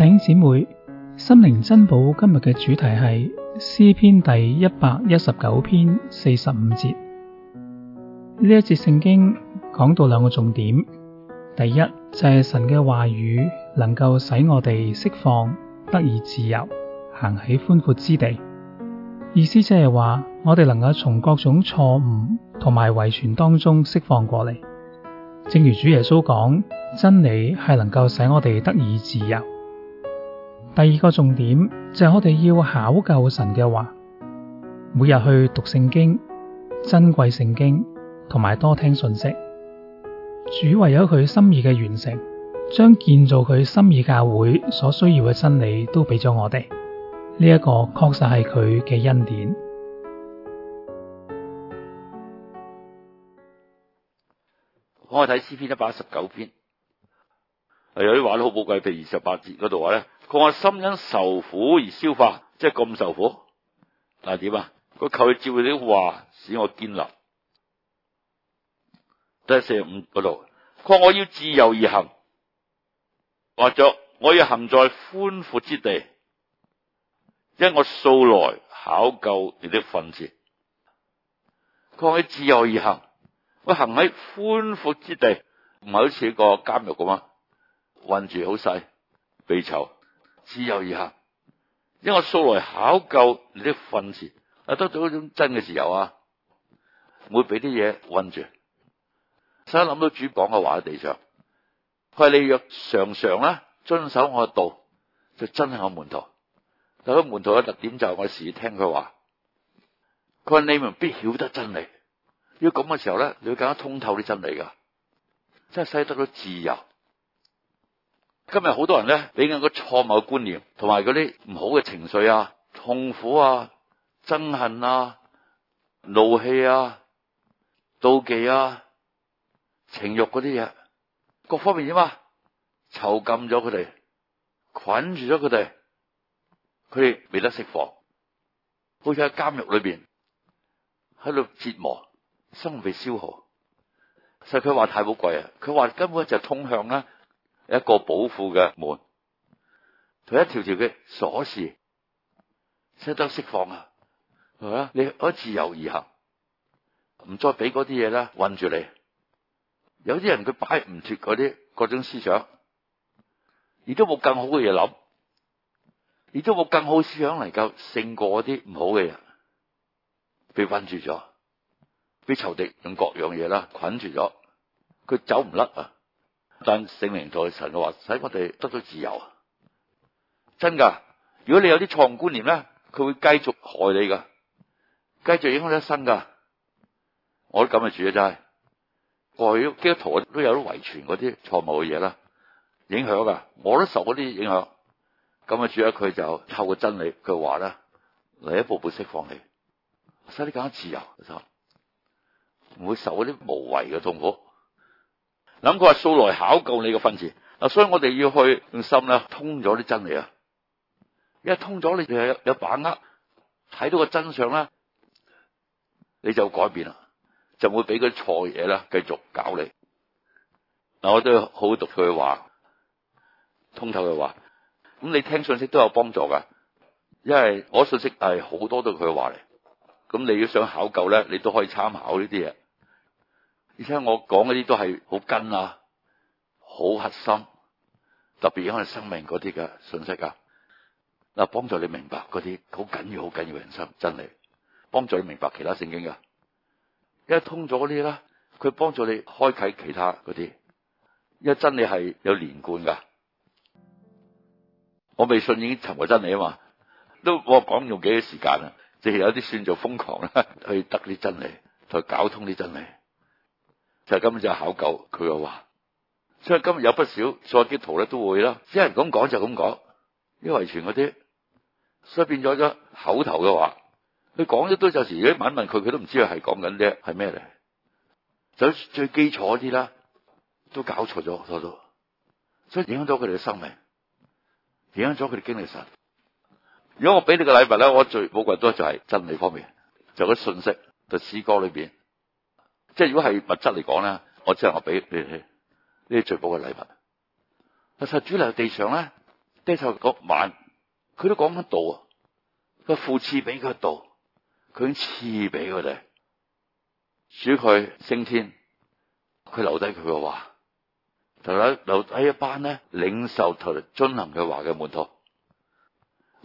弟姊妹心靈珍寶今日嘅主題係詩篇第一百一十九篇四十五節。呢一節聖經講到兩個重點，第一就是，神嘅話語能夠使我哋釋放，得以自由，行喺寬闊之地。意思即係話我哋能夠從各種錯誤同埋遺傳當中釋放過嚟。正如主耶穌講，真理係能夠使我哋得以自由。第二個重點就係、是、我哋要考究神嘅話，每日去讀聖經，珍貴聖經同埋多聽信息。主為咗佢心意嘅完成，將建造佢心意教會所需要嘅真理都俾咗我哋。呢、這、一個確實係佢嘅恩典。我哋睇詩篇一百一十九篇，有啲話都好寶貴，譬如二十八節嗰度話咧。佢我心因受苦而消化，即係咁受苦，但係點啊？個求你照你啲話使我堅立，第四十五嗰度。我我要自由而行，話咗我要行在寬闊之地，因我素來考究你啲訓詞。我要自由而行，我行喺寬闊之地，唔係好似個監獄咁啊，困住好細，被囚。自由而行，因為我素來考究你啲訓詞，啊得到一種真嘅自由啊，唔會俾啲嘢韞住。使諗到主講嘅話喺地上，佢話你若常常咧，遵守我嘅道，就真係我門徒。但係門徒嘅特點就係我時聽佢話，佢話你們必曉得真理。要咁嘅時候咧，你會更加通透啲真理噶，真係使得到自由。今日好多人咧俾緊個錯誤嘅觀念，同埋嗰啲唔好嘅情緒啊、痛苦啊、憎恨啊、怒氣啊、妒忌啊、情欲嗰啲嘢，各方面點啊？囚禁咗佢哋，捆住咗佢哋，佢哋未得釋放，好似喺監獄裏邊喺度折磨，生活被消耗。實際佢話太寶貴啊！佢話根本就通向啦。一個寶庫嘅門同一條條嘅鎖匙，識得釋放啊！係咪啊？你可以自由而行，唔再俾嗰啲嘢啦困住你。有啲人佢擺唔脫嗰啲各種思想，亦都冇更好嘅嘢諗，亦都冇更好思想能夠勝過嗰啲唔好嘅人。被困住咗，被仇敵用各樣嘢啦捆住咗，佢走唔甩啊！但聖靈在神嘅話，使我哋得到自由，啊，真噶！如果你有啲錯誤觀念咧，佢會繼續害你噶，繼續影響你一生噶。我都咁嘅主啊，真係過去基督徒都有啲遺傳嗰啲錯誤嘅嘢啦，影響啊，我都受嗰啲影響。咁啊，主啊，佢就透過真理，佢話咧，嚟，一步一步釋放你，使你更加自由，就唔會受嗰啲無謂嘅痛苦。諗佢話素來考究你個訓詞嗱，所以我哋要去用心咧通咗啲真理啊，一通咗你就有有把握睇到個真相啦，你就改變啦，就唔會俾佢錯嘢啦繼續搞你嗱。我都要好讀佢話，通透佢話，咁你聽信息都有幫助噶，因為我信息係好多都佢話嚟，咁你要想考究咧，你都可以參考呢啲嘢。而且我講嗰啲都係好根啊，好核心，特別影響生命嗰啲嘅信息啊。嗱，幫助你明白嗰啲好緊要、好緊要嘅人生真理，幫助你明白其他聖經嘅，因為通咗呢啦，佢幫助你開啟其他嗰啲，因為真理係有連貫噶。我未信已經尋回真理啊嘛，都我講用幾多時間啊？即係有啲算做瘋狂啦， 去得啲真理，同搞通啲真理。就根本就考究，佢又話，所以今日有不少基督徒咧都會啦，只係咁講就咁講，因為遺傳嗰啲，所以變咗咗口頭嘅話，你講咗都有、就、時、是，你問一問佢，佢都唔知佢係講緊啲係咩嚟，就是、最基礎啲啦，都搞錯咗好多，所以影響咗佢哋嘅生命，影響咗佢哋經歷神。如果我俾你個禮物咧，我最寶貴多就係真理方面，就嗰、是、信息喺詩、就是、歌裏邊。即係如果係物質嚟講咧，我只係我俾你呢啲最寶貴禮物。其實主流地上咧，低頭嗰晚佢都講得到啊？個副賜俾佢道，佢賜俾佢哋。主佢升天，佢留低佢嘅話，留低留低一班咧領袖同埋遵行嘅話嘅門徒，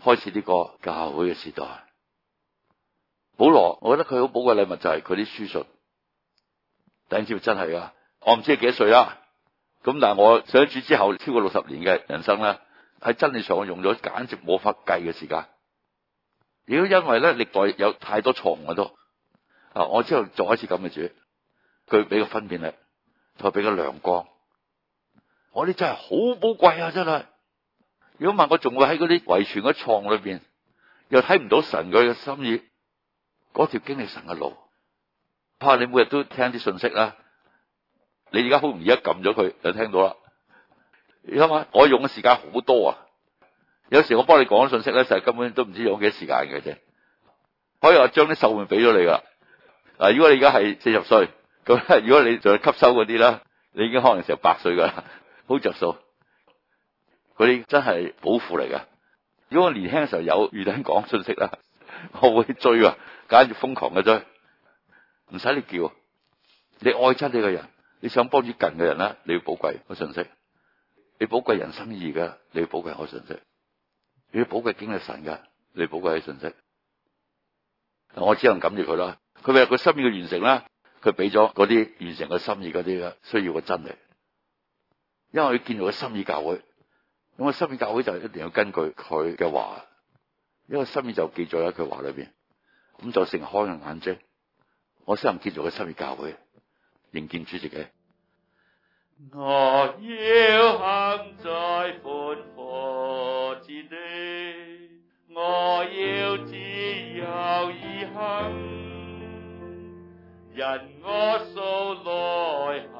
開始呢個教會嘅時代。保羅，我覺得佢好寶貴嘅禮物就係佢啲書信。等一真係啊，我唔知佢幾多歲啦。咁但係我上咗主之後超過六十年嘅人生咧，喺真理上我用咗簡直冇法計嘅時間。如果因為咧歷代有太多錯誤嘅都啊，我之後再一次咁嘅主，佢俾個分辨力，再俾個亮光，我呢真係好寶貴啊！真係。如果問我仲會喺啲遺傳嘅錯誤裏邊，又睇唔到神佢嘅心意，條經歷神嘅路。怕、啊、你每日都聽啲信息啦，你而家好容易一撳咗佢就聽到啦。你諗下，我用嘅時間好多啊，有時我幫你講信息咧，實根本都唔知用幾多時間嘅啫。可以話將啲壽命俾咗你啦。嗱、啊，如果你而家係四十歲，咁、啊、如果你仲吸收嗰啲啦，你已經可能成百歲噶啦，好着數。啲真係寶庫嚟噶。如果我年輕嘅時候有余等講信息啦，我會追啊，簡直瘋狂嘅追。唔使你叫，你愛親你個人，你想幫住近嘅人咧，你要寶貴個信息，你寶貴人生意義，你要寶貴我信息，你要寶貴經歷神噶，你要寶貴啲信息。我只能感住佢啦，佢咪有個心意嘅完成啦，佢俾咗嗰啲完成個心意嗰啲啦，需要個真理，因為要建到個心意教會，咁個心意教會就一定要根據佢嘅話，因為心意就記載喺佢話裏邊，咁就成開個眼睛。我先想建做嘅新約教會，迎見主席嘅。我我我要要行在寬闊之地，自由而行，因我素來